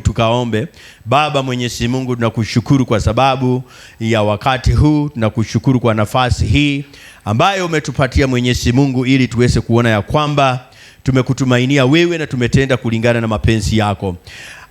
Tukaombe. Baba Mwenyezi Mungu, tunakushukuru kwa sababu ya wakati huu, tunakushukuru kwa nafasi hii ambayo umetupatia Mwenyezi Mungu, ili tuweze kuona ya kwamba tumekutumainia wewe na tumetenda kulingana na mapenzi yako.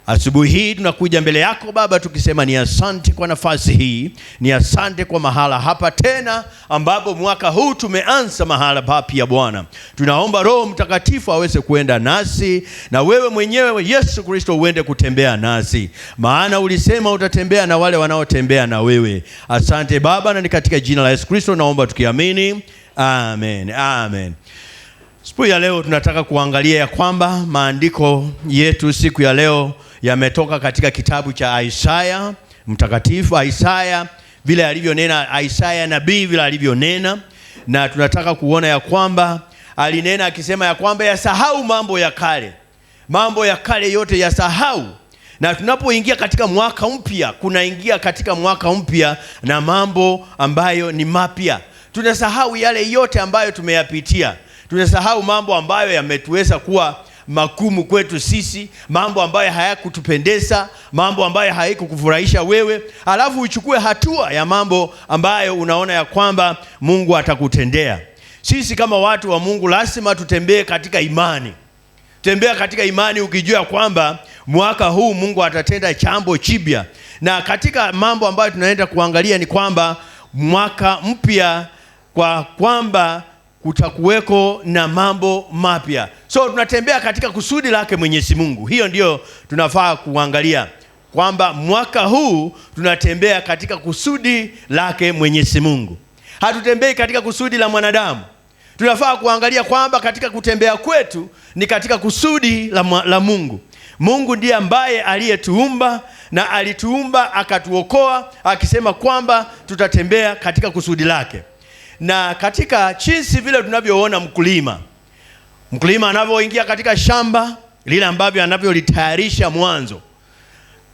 Asubuhi hii tunakuja mbele yako Baba tukisema ni asante kwa nafasi hii, ni asante kwa mahala hapa tena ambapo mwaka huu tumeanza mahala papya Bwana. Tunaomba Roho Mtakatifu aweze kuenda nasi na wewe mwenyewe Yesu Kristo uende kutembea nasi, maana ulisema utatembea na wale wanaotembea na wewe. Asante Baba, na ni katika jina la Yesu Kristo naomba tukiamini, amen, amen. Siku ya leo tunataka kuangalia ya kwamba maandiko yetu siku ya leo yametoka katika kitabu cha Isaya mtakatifu, Isaya vile alivyonena, Isaya nabii vile alivyonena, na tunataka kuona ya kwamba alinena akisema ya kwamba yasahau mambo ya kale, mambo ya kale yote yasahau na tunapoingia katika mwaka mpya, kunaingia katika mwaka mpya na mambo ambayo ni mapya. Tunasahau yale yote ambayo tumeyapitia, tunasahau mambo ambayo yametuweza kuwa magumu kwetu sisi, mambo ambayo hayakutupendeza, mambo ambayo haikukufurahisha wewe, alafu uchukue hatua ya mambo ambayo unaona ya kwamba Mungu atakutendea. Sisi kama watu wa Mungu lazima tutembee katika imani. Tembea katika imani ukijua kwamba mwaka huu Mungu atatenda chambo chibia, na katika mambo ambayo tunaenda kuangalia ni kwamba mwaka mpya, kwa kwamba kutakuweko na mambo mapya. So tunatembea katika kusudi lake Mwenyezi Mungu. Hiyo ndiyo tunafaa kuangalia kwamba mwaka huu tunatembea katika kusudi lake Mwenyezi Mungu, hatutembei katika kusudi la mwanadamu. Tunafaa kuangalia kwamba katika kutembea kwetu ni katika kusudi la, la Mungu. Mungu ndiye ambaye aliyetuumba na alituumba akatuokoa, akisema kwamba tutatembea katika kusudi lake na katika jinsi vile tunavyoona mkulima, mkulima anavyoingia katika shamba lile ambavyo anavyolitayarisha mwanzo,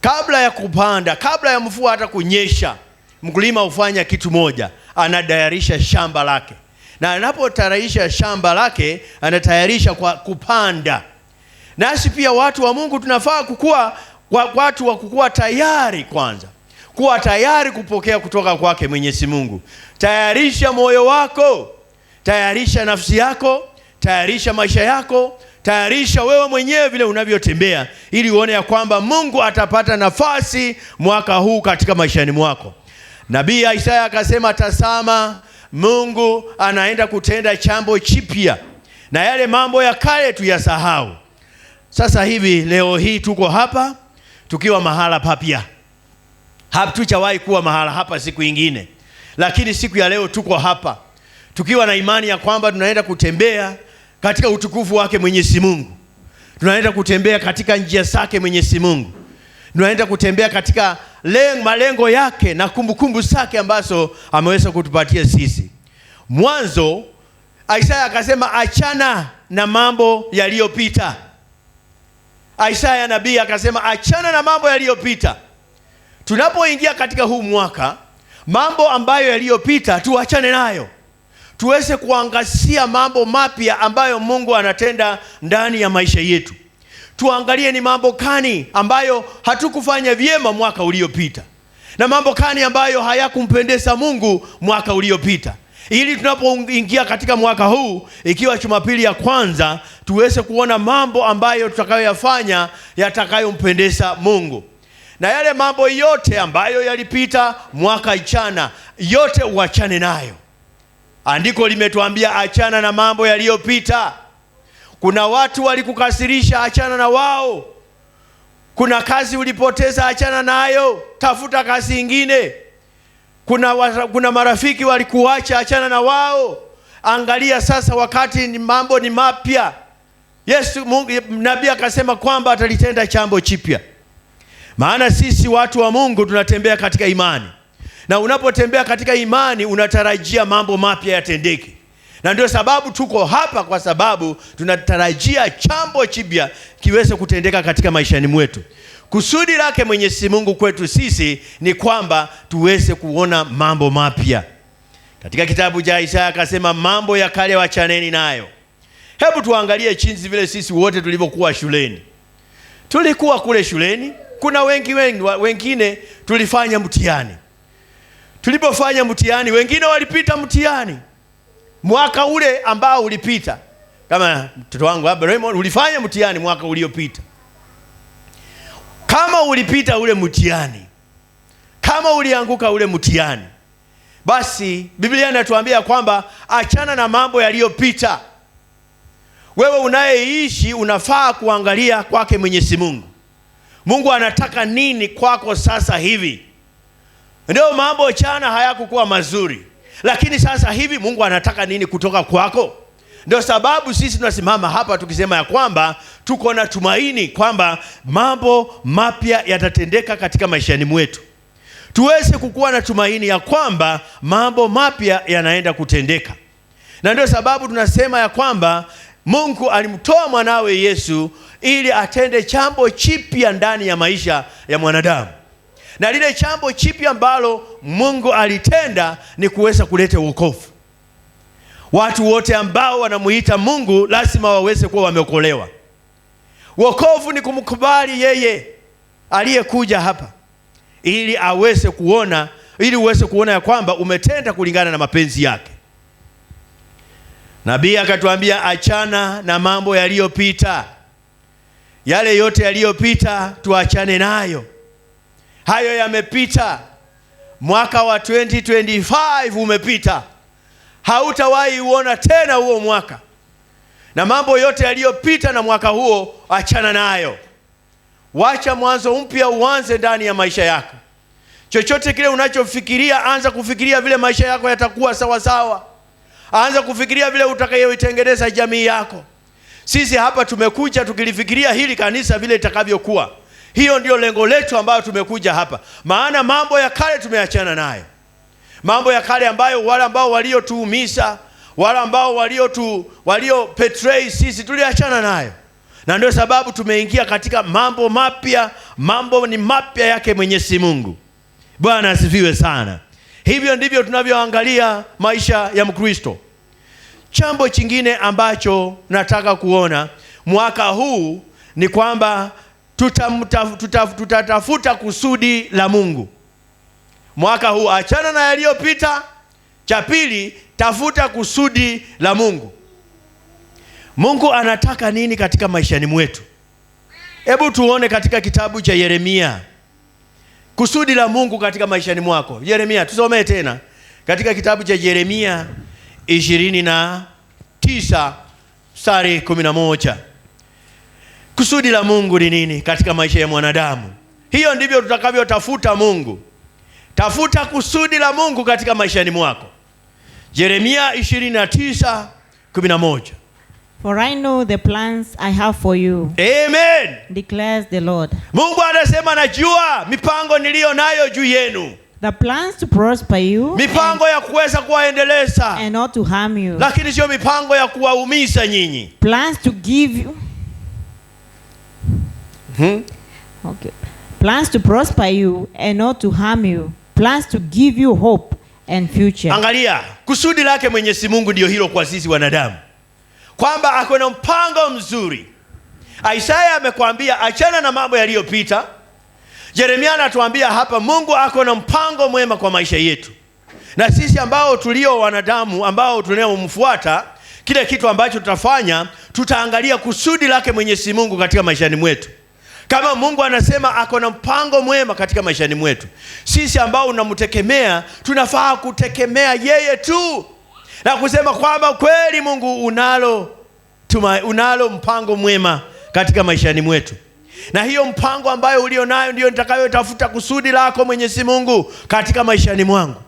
kabla ya kupanda, kabla ya mvua hata kunyesha, mkulima hufanya kitu moja, anatayarisha shamba lake, na anapotayarisha shamba lake anatayarisha kwa kupanda. Nasi pia watu wa Mungu tunafaa kukua watu wa kukua tayari kwanza kuwa tayari kupokea kutoka kwake Mwenyezi Mungu. Tayarisha moyo wako, tayarisha nafsi yako, tayarisha maisha yako, tayarisha wewe mwenyewe vile unavyotembea, ili uone ya kwamba Mungu atapata nafasi mwaka huu katika maishani mwako. Nabii Isaya akasema, tasama Mungu anaenda kutenda chambo chipya na yale mambo ya kale tuyasahau. Sasa hivi leo hii tuko hapa tukiwa mahala papya hatuchawahi kuwa mahala hapa siku ingine, lakini siku ya leo tuko hapa tukiwa na imani ya kwamba tunaenda kutembea katika utukufu wake Mwenyezi Mungu, tunaenda kutembea katika njia zake Mwenyezi Mungu, tunaenda kutembea katika lengo, malengo yake na kumbukumbu zake ambazo ameweza kutupatia sisi. Mwanzo Isaya akasema achana na mambo yaliyopita. Isaya nabii akasema achana na mambo yaliyopita tunapoingia katika huu mwaka, mambo ambayo yaliyopita tuachane nayo, tuweze kuangazia mambo mapya ambayo Mungu anatenda ndani ya maisha yetu. Tuangalie ni mambo gani ambayo hatukufanya vyema mwaka uliopita na mambo gani ambayo hayakumpendeza Mungu mwaka uliopita, ili tunapoingia katika mwaka huu, ikiwa Jumapili ya kwanza, tuweze kuona mambo ambayo tutakayoyafanya yatakayompendeza Mungu na yale mambo yote ambayo yalipita mwaka jana, yote uachane nayo. Andiko limetuambia achana na mambo yaliyopita. Kuna watu walikukasirisha, achana na wao. Kuna kazi ulipoteza, achana nayo, tafuta kazi ingine. Kuna, wa, kuna marafiki walikuacha, achana na wao. Angalia sasa, wakati ni mambo ni mapya. Yesu Mungu, nabii akasema kwamba atalitenda chambo chipya. Maana sisi watu wa Mungu tunatembea katika imani, na unapotembea katika imani unatarajia mambo mapya yatendeke, na ndio sababu tuko hapa, kwa sababu tunatarajia chambo chipya kiweze kutendeka katika maishani mwetu. Kusudi lake Mwenyezi Mungu kwetu sisi ni kwamba tuweze kuona mambo mapya. Katika kitabu cha Isaya akasema, mambo ya kale wachaneni nayo. Hebu tuangalie chinzi vile sisi wote tulivyokuwa shuleni. Tulikuwa kule shuleni kuna wengi wengi wengine tulifanya mtihani. Tulipofanya mtihani, wengine walipita mtihani mwaka ule ambao ulipita, kama mtoto wangu hapa Raymond, ulifanya mtihani mwaka uliopita. Kama ulipita ule mtihani, kama ulianguka ule mtihani, basi Biblia inatuambia kwamba achana na mambo yaliyopita. Wewe unayeishi unafaa kuangalia kwake Mwenyezi Mungu. Mungu anataka nini kwako sasa hivi? Ndio mambo chana hayakukuwa mazuri, lakini sasa hivi Mungu anataka nini kutoka kwako? Ndio sababu sisi tunasimama hapa tukisema ya kwamba tuko na tumaini kwamba mambo mapya yatatendeka katika maishani mwetu, tuweze kukuwa na tumaini ya kwamba mambo mapya yanaenda kutendeka. Na ndio sababu tunasema ya kwamba Mungu alimtoa mwanawe Yesu ili atende chambo chipya ndani ya maisha ya mwanadamu, na lile chambo chipya ambalo Mungu alitenda ni kuweza kuleta wokovu. Watu wote ambao wanamuita Mungu lazima waweze kuwa wameokolewa. Wokovu ni kumkubali yeye aliyekuja hapa ili aweze kuona, ili uweze kuona ya kwamba umetenda kulingana na mapenzi yake. Nabii akatuambia, achana na mambo yaliyopita. Yale yote yaliyopita tuachane nayo, hayo yamepita. Mwaka wa 2025 umepita, hautawahi uona tena huo mwaka, na mambo yote yaliyopita na mwaka huo achana nayo. Wacha mwanzo mpya uanze ndani ya maisha yako. Chochote kile unachofikiria, anza kufikiria vile maisha yako yatakuwa sawasawa. Anza kufikiria vile utakayoitengeneza jamii yako. Sisi hapa tumekuja tukilifikiria hili kanisa vile itakavyokuwa. Hiyo ndio lengo letu ambayo tumekuja hapa, maana mambo ya kale tumeachana nayo, mambo ya kale ambayo wale ambao waliotuumiza, wale ambao tu walio betray sisi tuliachana nayo, na ndio sababu tumeingia katika mambo mapya. Mambo ni mapya yake Mwenyezi Mungu. Bwana asifiwe sana. Hivyo ndivyo tunavyoangalia maisha ya Mkristo. Chambo chingine ambacho nataka kuona mwaka huu ni kwamba tutatafuta tuta, tuta, tuta kusudi la Mungu mwaka huu, achana na yaliyopita. Cha pili, tafuta kusudi la Mungu. Mungu anataka nini katika maishani mwetu? Hebu tuone katika kitabu cha Yeremia kusudi la Mungu katika maishani mwako. Yeremia, tusomee tena katika kitabu cha Yeremia ishirini na tisa mstari kumi na moja. Kusudi la Mungu ni nini katika maisha ya mwanadamu? Hiyo ndivyo tutakavyotafuta Mungu. Tafuta kusudi la Mungu katika maishani mwako. Yeremia 29:11. For I know the plans I have for you. Amen. Declares the Lord. Mungu anasema najua mipango niliyo nayo juu yenu The plans to prosper you mipango ya kuweza kuwaendeleza and not to harm you, lakini sio mipango ya kuwaumiza nyinyi. Plans to give you hmm? Okay. Plans to prosper you and not to harm you. Plans to give you hope and future. Angalia, kusudi lake Mwenyezi Mungu ndio hilo kwa sisi wanadamu, kwamba akwena mpango mzuri. Isaya amekwambia achana na mambo yaliyopita Yeremia anatuambia hapa, Mungu ako na mpango mwema kwa maisha yetu, na sisi ambao tulio wanadamu ambao tunayomfuata, kile kitu ambacho tutafanya, tutaangalia kusudi lake Mwenyezi Mungu katika maishani mwetu. Kama Mungu anasema ako na mpango mwema katika maishani mwetu, sisi ambao unamtegemea, tunafaa kutegemea yeye tu na kusema kwamba kweli Mungu unalo, tuma, unalo mpango mwema katika maishani mwetu na hiyo mpango ambayo ulio nayo ndiyo nitakayotafuta kusudi lako Mwenyezi Mungu katika maishani mwangu.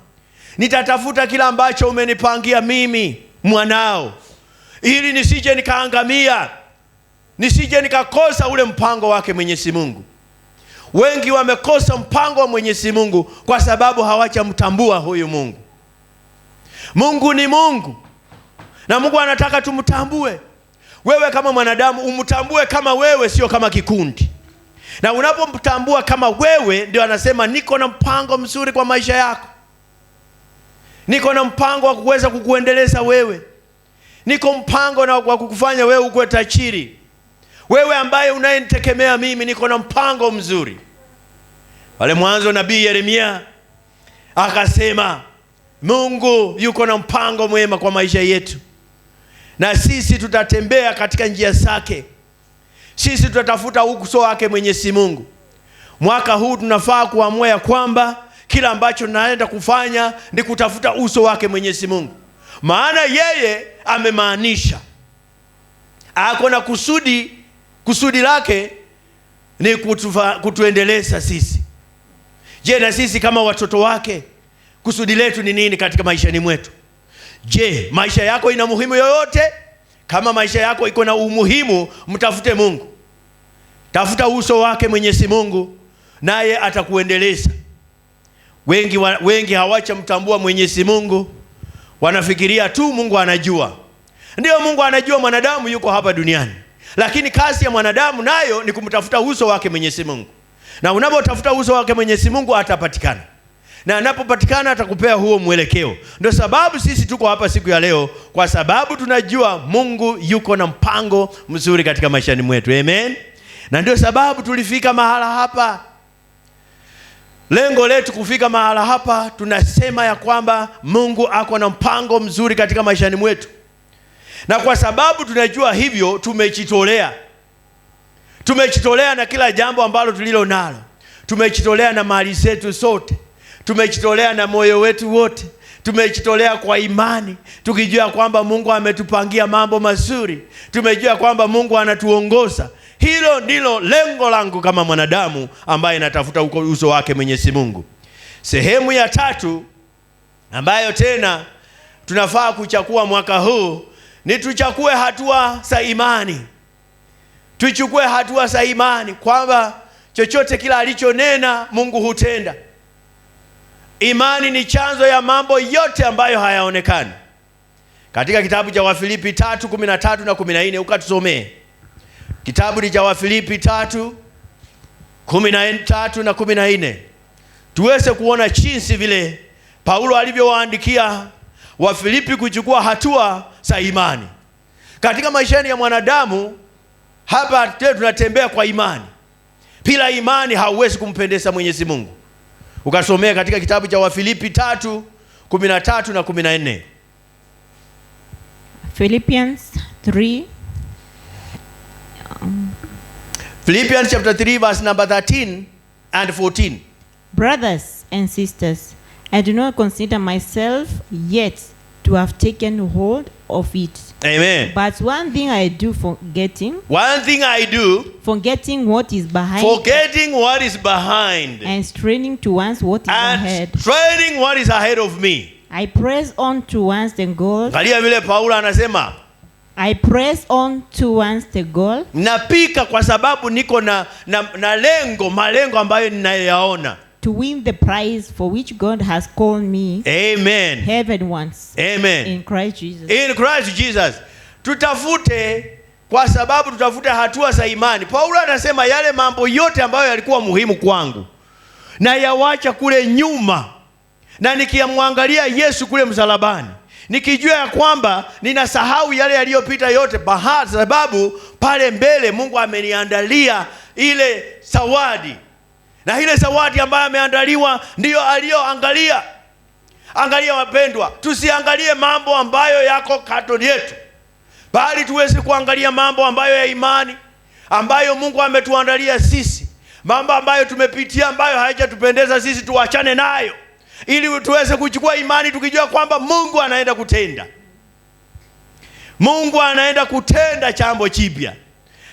Nitatafuta kila ambacho umenipangia mimi mwanao, ili nisije nikaangamia, nisije nikakosa ule mpango wake Mwenyezi Mungu. Wengi wamekosa mpango wa Mwenyezi Mungu kwa sababu hawachamtambua huyu Mungu. Mungu ni Mungu na Mungu anataka tumtambue. Wewe kama mwanadamu umtambue kama wewe, sio kama kikundi. Na unapomtambua kama wewe, ndio anasema niko na mpango mzuri kwa maisha yako, niko na mpango wa kuweza kukuendeleza wewe, niko mpango na wa kukufanya wewe ukuwe tajiri. Wewe ambaye unayenitegemea mimi, niko na mpango mzuri. Pale mwanzo nabii Yeremia akasema Mungu yuko na mpango mwema kwa maisha yetu na sisi tutatembea katika njia zake. Sisi tutatafuta uso wake Mwenyezi Mungu. Mwaka huu tunafaa kuamua ya kwamba kila ambacho naenda kufanya ni kutafuta uso wake Mwenyezi Mungu, maana yeye amemaanisha, ako na kusudi. Kusudi lake ni kutufa, kutuendeleza sisi. Je, na sisi kama watoto wake kusudi letu ni nini katika maishani mwetu? Je, maisha yako ina muhimu yoyote? Kama maisha yako iko na umuhimu, mtafute Mungu, tafuta uso wake Mwenyezi Mungu, naye atakuendeleza. Wengi wa, wengi hawachamtambua Mwenyezi Mungu, wanafikiria tu Mungu anajua. Ndiyo, Mungu anajua mwanadamu yuko hapa duniani, lakini kazi ya mwanadamu nayo ni kumtafuta uso wake Mwenyezi Mungu, na unapotafuta uso wake Mwenyezi Mungu atapatikana na anapopatikana atakupea huo mwelekeo. Ndio sababu sisi tuko hapa siku ya leo, kwa sababu tunajua Mungu yuko na mpango mzuri katika maishani mwetu. Amen. Na ndio sababu tulifika mahala hapa. Lengo letu kufika mahala hapa, tunasema ya kwamba Mungu ako na mpango mzuri katika maishani mwetu, na kwa sababu tunajua hivyo, tumejitolea. Tumejitolea na kila jambo ambalo tulilo nalo, tumejitolea na mali zetu zote tumejitolea na moyo wetu wote, tumejitolea kwa imani, tukijua kwamba Mungu ametupangia mambo mazuri, tumejua kwamba Mungu anatuongoza. Hilo ndilo lengo langu kama mwanadamu ambaye natafuta uso wake Mwenyezi Mungu. Sehemu ya tatu ambayo tena tunafaa kuchakua mwaka huu ni tuchakue hatua za imani, tuchukue hatua za imani kwamba chochote kila alichonena Mungu hutenda. Imani ni chanzo ya mambo yote ambayo hayaonekani. Katika kitabu cha Wafilipi 3:13 na 14, ukatusomee kitabu ni cha Wafilipi 3:13 na 14, tuweze kuona jinsi vile Paulo alivyowaandikia Wafilipi kuchukua hatua za imani katika maisha ya mwanadamu. Hapa tunatembea kwa imani, bila imani hauwezi kumpendeza Mwenyezi Mungu ukasomea katika kitabu cha Wafilipi tatu na tatu Philippians 3 um, Philippians chapter 3 verse number 13 and 14. Brothers and sisters, I do not consider myself yet to have taken hold of it. Amen. But one thing I do forgetting. One thing I do. Forgetting what is behind. Forgetting what is behind. And straining towards what is and ahead. Straining what is ahead of me. I press on towards the goal. Galia vile Paulo anasema. I press on towards the goal. Napika kwa sababu niko na, na, na lengo, malengo ambayo ninayoyaona to win the prize for which God has called me. Amen. Heaven once. Amen. In Christ Jesus. In Christ Jesus. Tutafute kwa sababu tutafute hatua za imani. Paulo anasema yale mambo yote ambayo yalikuwa muhimu kwangu na yawacha kule nyuma, na nikiyamwangalia Yesu kule msalabani, nikijua ya kwamba ninasahau yale yaliyopita yote, bahati sababu pale mbele Mungu ameniandalia ile zawadi na ile zawadi ambayo ameandaliwa ndiyo aliyoangalia. Angalia wapendwa, tusiangalie mambo ambayo yako katoni yetu, bali tuweze kuangalia mambo ambayo ya imani ambayo Mungu ametuandalia sisi, mambo ambayo tumepitia ambayo hayajatupendeza sisi, tuachane nayo ili tuweze kuchukua imani, tukijua kwamba Mungu anaenda kutenda, Mungu anaenda kutenda jambo chipya.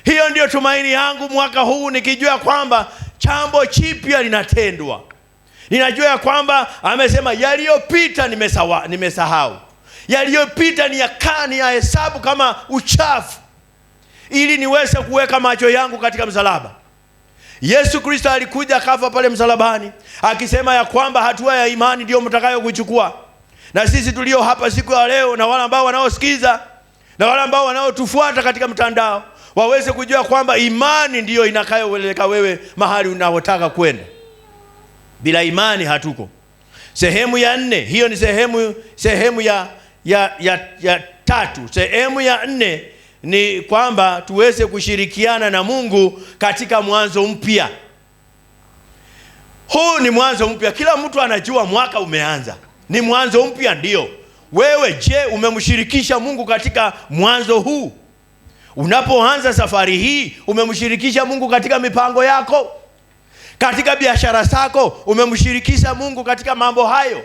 Hiyo ndiyo tumaini yangu mwaka huu, nikijua kwamba chambo chipya linatendwa. Ninajua ya kwamba amesema yaliyopita nimesahau, yaliyopita ni yakaa ni ya hesabu kama uchafu, ili niweze kuweka macho yangu katika msalaba. Yesu Kristo alikuja akafa pale msalabani akisema ya kwamba hatua ya imani ndiyo mtakayokuchukua. Na sisi tulio hapa siku ya leo na wale ambao wanaosikiza na wale ambao wanaotufuata katika mtandao waweze kujua kwamba imani ndiyo inakayoweleka wewe mahali unaotaka kwenda. Bila imani hatuko. Sehemu ya nne, hiyo ni sehemu sehemu ya, ya, ya, ya tatu. Sehemu ya nne ni kwamba tuweze kushirikiana na Mungu katika mwanzo mpya. Huu ni mwanzo mpya. Kila mtu anajua mwaka umeanza, ni mwanzo mpya. Ndiyo wewe, je, umemshirikisha Mungu katika mwanzo huu? Unapoanza safari hii, umemshirikisha Mungu katika mipango yako, katika biashara zako, umemshirikisha Mungu katika mambo hayo,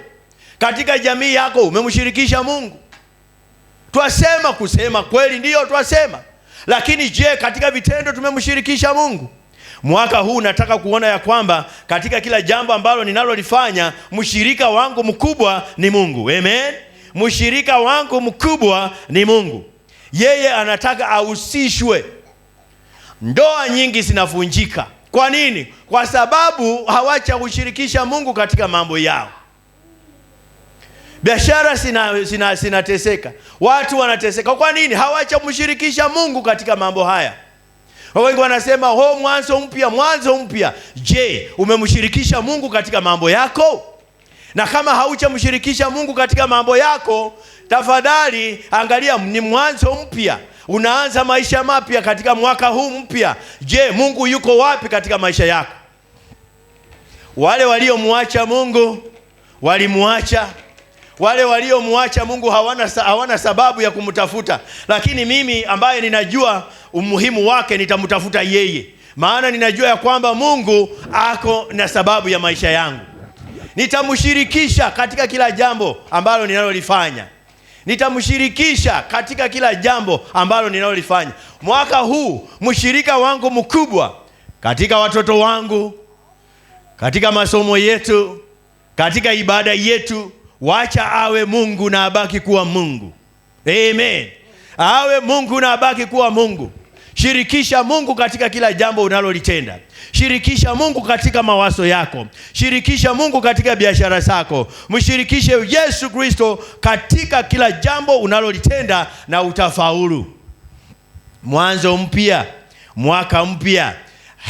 katika jamii yako umemshirikisha Mungu. Twasema kusema kweli, ndiyo twasema, lakini je, katika vitendo tumemshirikisha Mungu? Mwaka huu nataka kuona ya kwamba katika kila jambo ambalo ninalolifanya mshirika wangu mkubwa ni Mungu. Amen, mshirika wangu mkubwa ni Mungu yeye anataka ahusishwe. Ndoa nyingi zinavunjika. Kwa nini? Kwa sababu hawacha kushirikisha Mungu katika mambo yao. Biashara zinateseka, sina, sina watu wanateseka. Kwa nini? Hawacha kumshirikisha Mungu katika mambo haya. Wengi wanasema ho, oh, mwanzo mpya, mwanzo mpya. Je, umemshirikisha Mungu katika mambo yako? Na kama hauchamshirikisha Mungu katika mambo yako, Tafadhali angalia, ni mwanzo mpya, unaanza maisha mapya katika mwaka huu mpya. Je, Mungu yuko wapi katika maisha yako? Wale waliomwacha Mungu walimwacha wale waliomwacha Mungu hawana, hawana sababu ya kumtafuta, lakini mimi ambaye ninajua umuhimu wake nitamtafuta yeye, maana ninajua ya kwamba Mungu ako na sababu ya maisha yangu. Nitamshirikisha katika kila jambo ambalo ninalolifanya nitamshirikisha katika kila jambo ambalo ninalolifanya. Mwaka huu mshirika wangu mkubwa katika watoto wangu, katika masomo yetu, katika ibada yetu, wacha awe Mungu na abaki kuwa Mungu. Amen, awe Mungu na abaki kuwa Mungu. Shirikisha Mungu katika kila jambo unalolitenda. Shirikisha Mungu katika mawazo yako. Shirikisha Mungu katika biashara zako. Mshirikishe Yesu Kristo katika kila jambo unalolitenda na utafaulu. Mwanzo mpya, mwaka mpya.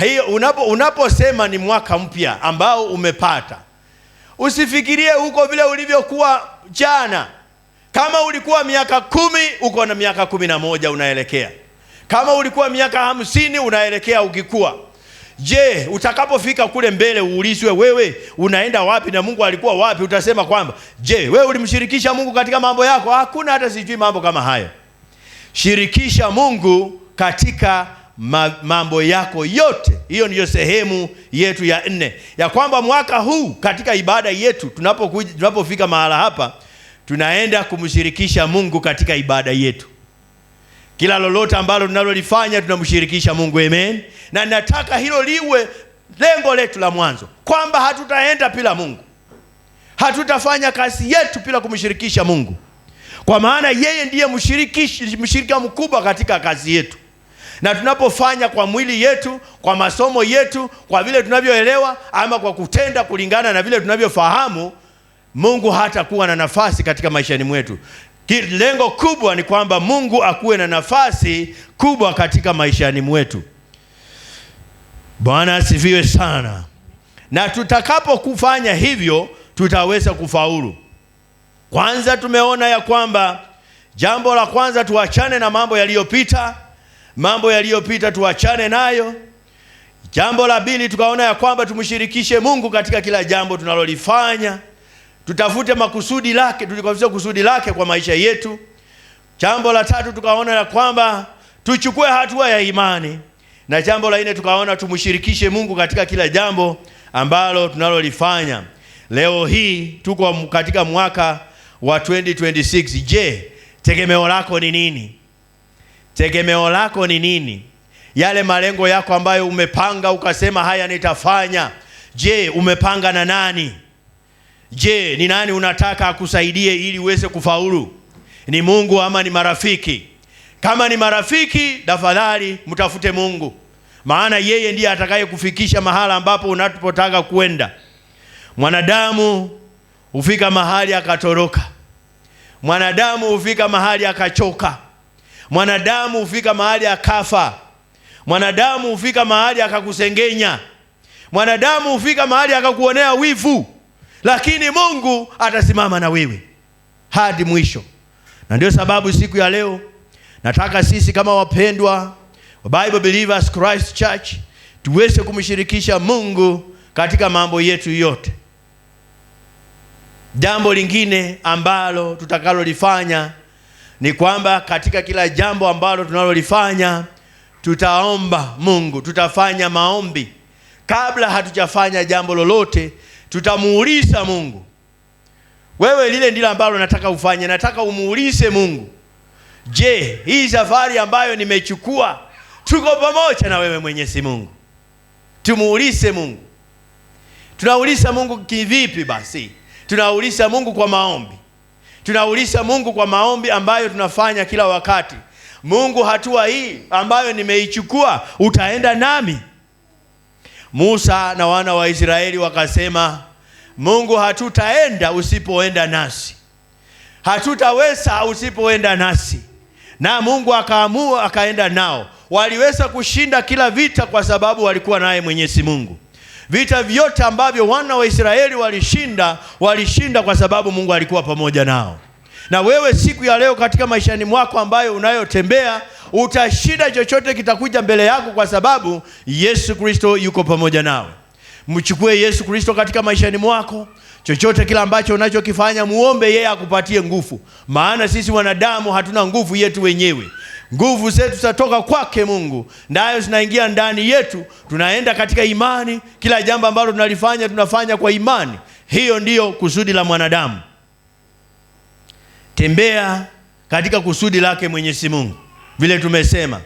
Hiyo unapo unaposema ni mwaka mpya ambao umepata. Usifikirie huko vile ulivyokuwa jana. Kama ulikuwa miaka kumi, uko na miaka kumi na moja unaelekea. Kama ulikuwa miaka hamsini unaelekea ukikua, je, utakapofika kule mbele uulizwe wewe unaenda wapi na Mungu alikuwa wapi? Utasema kwamba je, wewe ulimshirikisha Mungu katika mambo yako? Hakuna hata sijui mambo kama hayo. Shirikisha Mungu katika mambo yako yote. Hiyo ndiyo sehemu yetu ya nne, ya kwamba mwaka huu katika ibada yetu tunapofika mahala hapa, tunaenda kumshirikisha Mungu katika ibada yetu. Kila lolote ambalo tunalolifanya tunamshirikisha Mungu. Amen. Na nataka hilo liwe lengo letu la mwanzo, kwamba hatutaenda bila Mungu, hatutafanya kazi yetu bila kumshirikisha Mungu, kwa maana yeye ndiye mshirika mkubwa katika kazi yetu. Na tunapofanya kwa mwili yetu, kwa masomo yetu, kwa vile tunavyoelewa, ama kwa kutenda kulingana na vile tunavyofahamu, Mungu hatakuwa na nafasi katika maishani mwetu. Lengo kubwa ni kwamba Mungu akuwe na nafasi kubwa katika maishani mwetu. Bwana asifiwe sana. Na tutakapokufanya hivyo, tutaweza kufaulu. Kwanza tumeona ya kwamba jambo la kwanza, tuachane na mambo yaliyopita. Mambo yaliyopita tuachane nayo. Jambo la pili, tukaona ya kwamba tumshirikishe Mungu katika kila jambo tunalolifanya tutafute makusudi lake, tulikofisa kusudi lake kwa maisha yetu. Jambo la tatu tukaona ya kwamba tuchukue hatua ya imani, na jambo la nne tukaona tumshirikishe Mungu katika kila jambo ambalo tunalolifanya. Leo hii tuko katika mwaka wa 2026. Je, tegemeo lako ni nini? Tegemeo lako ni nini? Yale malengo yako ambayo umepanga ukasema haya nitafanya, je, umepanga na nani? Je, ni nani unataka akusaidie ili uweze kufaulu? Ni Mungu ama ni marafiki? Kama ni marafiki, tafadhali mtafute Mungu, maana yeye ndiye atakayekufikisha mahala ambapo unapotaka kwenda. Mwanadamu hufika mahali akatoroka, mwanadamu hufika mahali akachoka, mwanadamu hufika mahali akafa, mwanadamu hufika mahali akakusengenya, mwanadamu hufika mahali akakuonea wivu lakini Mungu atasimama na wewe hadi mwisho. Na ndio sababu siku ya leo nataka sisi kama wapendwa wa Bible Believers Christ Church tuweze kumshirikisha Mungu katika mambo yetu yote. Jambo lingine ambalo tutakalolifanya ni kwamba katika kila jambo ambalo tunalolifanya tutaomba Mungu, tutafanya maombi kabla hatujafanya jambo lolote tutamuuliza Mungu. Wewe lile ndilo ambalo nataka ufanye, nataka umuulise Mungu, je, hii safari ambayo nimechukua, tuko pamoja na wewe Mwenyezi Mungu? Tumuulise Mungu. Tunaulisa Mungu kivipi? Basi tunaulisa Mungu kwa maombi, tunaulisa Mungu kwa maombi ambayo tunafanya kila wakati. Mungu, hatua hii ambayo nimeichukua, utaenda nami Musa na wana wa Israeli wakasema, Mungu, hatutaenda usipoenda nasi, hatutaweza usipoenda nasi. Na Mungu akaamua, akaenda nao. Waliweza kushinda kila vita kwa sababu walikuwa naye Mwenyezi Mungu. Vita vyote ambavyo wana wa Israeli walishinda, walishinda kwa sababu Mungu alikuwa pamoja nao. Na wewe siku ya leo katika maishani mwako ambayo unayotembea, utashida chochote kitakuja mbele yako, kwa sababu Yesu Kristo yuko pamoja nawe. Mchukue Yesu Kristo katika maishani mwako. Chochote kila ambacho unachokifanya, muombe yeye akupatie nguvu, maana sisi wanadamu hatuna nguvu yetu wenyewe. Nguvu zetu zitatoka kwake Mungu, nayo zinaingia ndani yetu. Tunaenda katika imani, kila jambo ambalo tunalifanya tunafanya kwa imani. Hiyo ndiyo kusudi la mwanadamu tembea katika kusudi lake Mwenyezi Mungu, vile tumesema,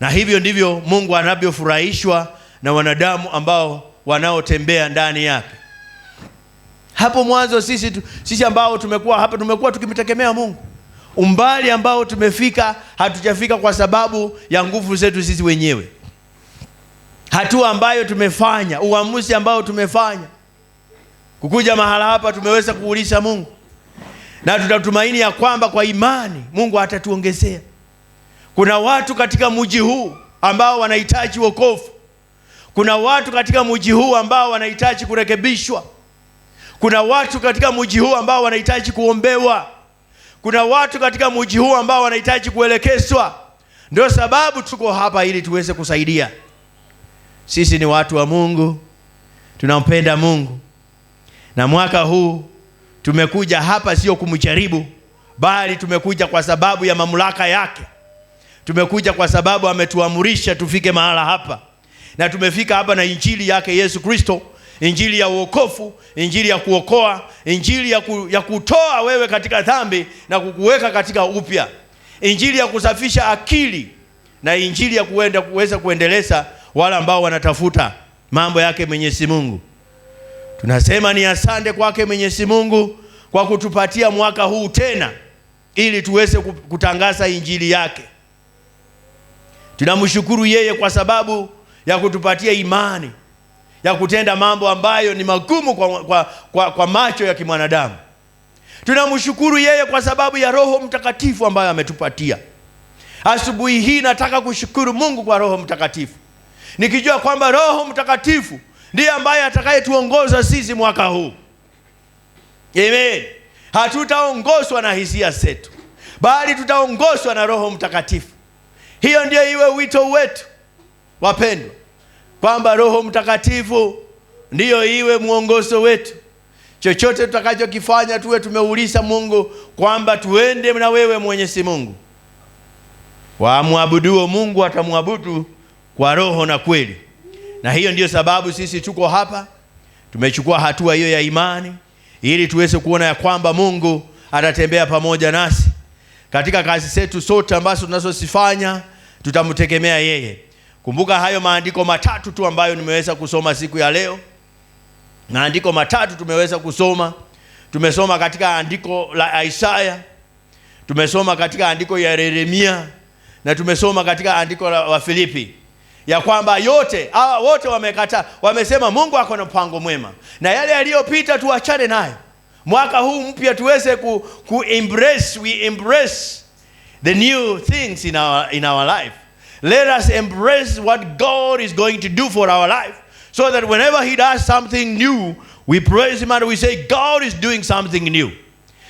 na hivyo ndivyo Mungu anavyofurahishwa na wanadamu ambao wanaotembea ndani yake. Hapo mwanzo sisi, sisi ambao tumekuwa hapa tumekuwa tukimtegemea Mungu. Umbali ambao tumefika hatujafika kwa sababu ya nguvu zetu sisi wenyewe, hatua ambayo tumefanya, uamuzi ambao tumefanya kukuja mahala hapa, tumeweza kuulisha Mungu na tunatumaini ya kwamba kwa imani Mungu atatuongezea. Kuna watu katika mji huu ambao wanahitaji wokovu. Kuna watu katika mji huu ambao wanahitaji kurekebishwa. Kuna watu katika mji huu ambao wanahitaji kuombewa. Kuna watu katika mji huu ambao wanahitaji kuelekezwa. Ndio sababu tuko hapa ili tuweze kusaidia. Sisi ni watu wa Mungu, tunampenda Mungu na mwaka huu Tumekuja hapa sio kumjaribu, bali tumekuja kwa sababu ya mamlaka yake. Tumekuja kwa sababu ametuamurisha tufike mahala hapa, na tumefika hapa na injili yake Yesu Kristo, injili ya uokofu, injili ya kuokoa, injili ya, ku, ya kutoa wewe katika dhambi na kukuweka katika upya, injili ya kusafisha akili na injili ya kuenda kuweza kuendeleza wale ambao wanatafuta mambo yake Mwenyezi Mungu. Tunasema ni asante kwake Mwenyezi Mungu kwa kutupatia mwaka huu tena ili tuweze kutangaza injili yake. Tunamshukuru yeye kwa sababu ya kutupatia imani ya kutenda mambo ambayo ni magumu kwa, kwa, kwa, kwa macho ya kimwanadamu. Tunamshukuru yeye kwa sababu ya Roho Mtakatifu ambayo ametupatia. Asubuhi hii nataka kushukuru Mungu kwa Roho Mtakatifu nikijua kwamba Roho Mtakatifu ndiye ambaye atakayetuongoza sisi mwaka huu. Amen. Hatutaongozwa na hisia zetu, bali tutaongozwa na Roho Mtakatifu. Hiyo ndiyo iwe wito wetu wapendwa, kwamba Roho Mtakatifu ndiyo iwe mwongozo wetu. Chochote tutakachokifanya tuwe tumeuliza Mungu kwamba tuende na wewe, Mwenyezi Mungu. Wamwabuduo Mungu atamwabudu kwa roho na kweli. Na hiyo ndiyo sababu sisi tuko hapa, tumechukua hatua hiyo ya imani ili tuweze kuona ya kwamba Mungu atatembea pamoja nasi katika kazi zetu sote ambazo tunazozifanya, tutamtegemea yeye. Kumbuka hayo maandiko matatu tu ambayo nimeweza kusoma siku ya leo. Maandiko matatu tumeweza kusoma, tumesoma katika andiko la Isaya, tumesoma katika andiko ya Yeremia na tumesoma katika andiko la Wafilipi ya kwamba yote hawa wote wamekataa, wamesema Mungu ako na mpango mwema, na yale yaliyopita tuachane nayo. Mwaka huu mpya tuweze ku, ku embrace, we embrace the new things in our, in our life. Let us embrace what God is going to do for our life so that whenever he does something new, we praise him and we say God is doing something new.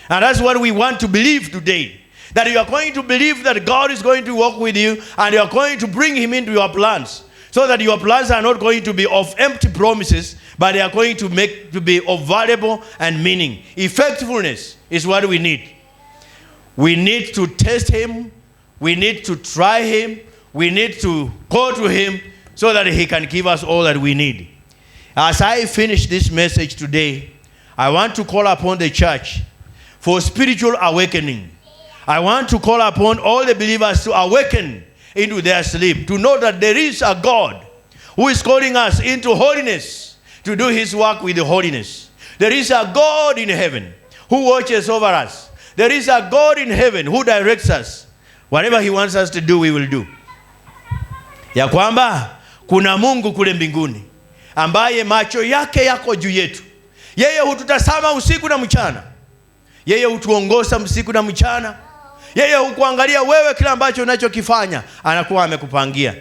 And that's what we want to believe today. that you are going to believe that God is going to walk with you and you are going to bring Him into your plans. So that your plans are not going to be of empty promises, but they are going to make to be of valuable and meaning. Effectiveness is what we need. We need to test Him, we need to try Him, we need to go to Him so that He can give us all that we need. As I finish this message today, I want to call upon the church for spiritual awakening. I want to call upon all the believers to awaken into their sleep, to know that there is a God who is calling us into holiness, to do his work with holiness. There is a God in heaven who watches over us. There is a God in heaven who directs us. Whatever he wants us to do, we will do. Ya kwamba kuna Mungu kule mbinguni ambaye macho yake yako juu yetu. Yeye hututasama usiku na mchana. Yeye hutuongoza usiku na mchana. Yeye hukuangalia wewe, kila ambacho unachokifanya anakuwa amekupangia.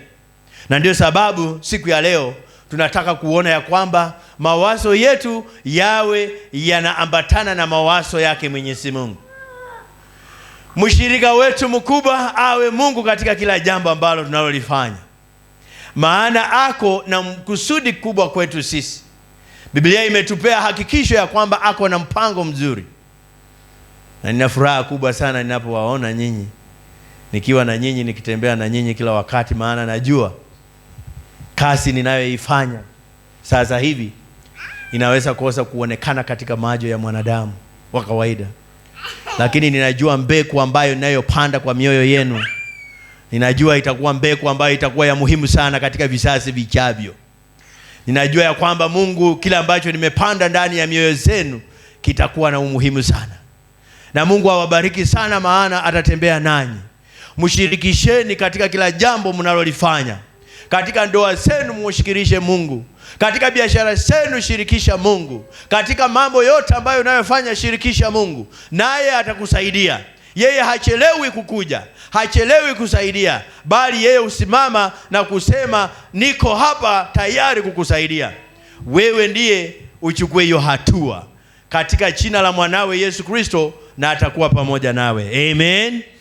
Na ndio sababu siku ya leo tunataka kuona ya kwamba mawazo yetu yawe yanaambatana na mawazo yake Mwenyezi Mungu. Mshirika wetu mkubwa awe Mungu katika kila jambo ambalo tunalolifanya, maana ako na mkusudi kubwa kwetu sisi. Biblia imetupea hakikisho ya kwamba ako na mpango mzuri na nina furaha kubwa sana ninapowaona nyinyi, nikiwa na nyinyi, nikitembea na nyinyi kila wakati, maana najua kasi ninayoifanya sasa hivi inaweza kosa kuonekana katika macho ya mwanadamu wa kawaida, lakini ninajua mbegu ambayo ninayopanda kwa mioyo yenu, ninajua itakuwa mbegu ambayo itakuwa ya muhimu sana katika vizazi vijavyo. Ninajua ya kwamba Mungu, kila ambacho nimepanda ndani ya mioyo zenu kitakuwa na umuhimu sana na Mungu awabariki sana, maana atatembea nanyi. Mshirikisheni katika kila jambo mnalolifanya. Katika ndoa zenu mushikirishe Mungu, katika biashara zenu shirikisha Mungu, katika mambo yote ambayo unayofanya shirikisha Mungu, naye atakusaidia. Yeye hachelewi kukuja, hachelewi kusaidia, bali yeye husimama na kusema, niko hapa tayari kukusaidia. Wewe ndiye uchukue hiyo hatua katika jina la mwanawe Yesu Kristo na atakuwa pamoja nawe. Amen.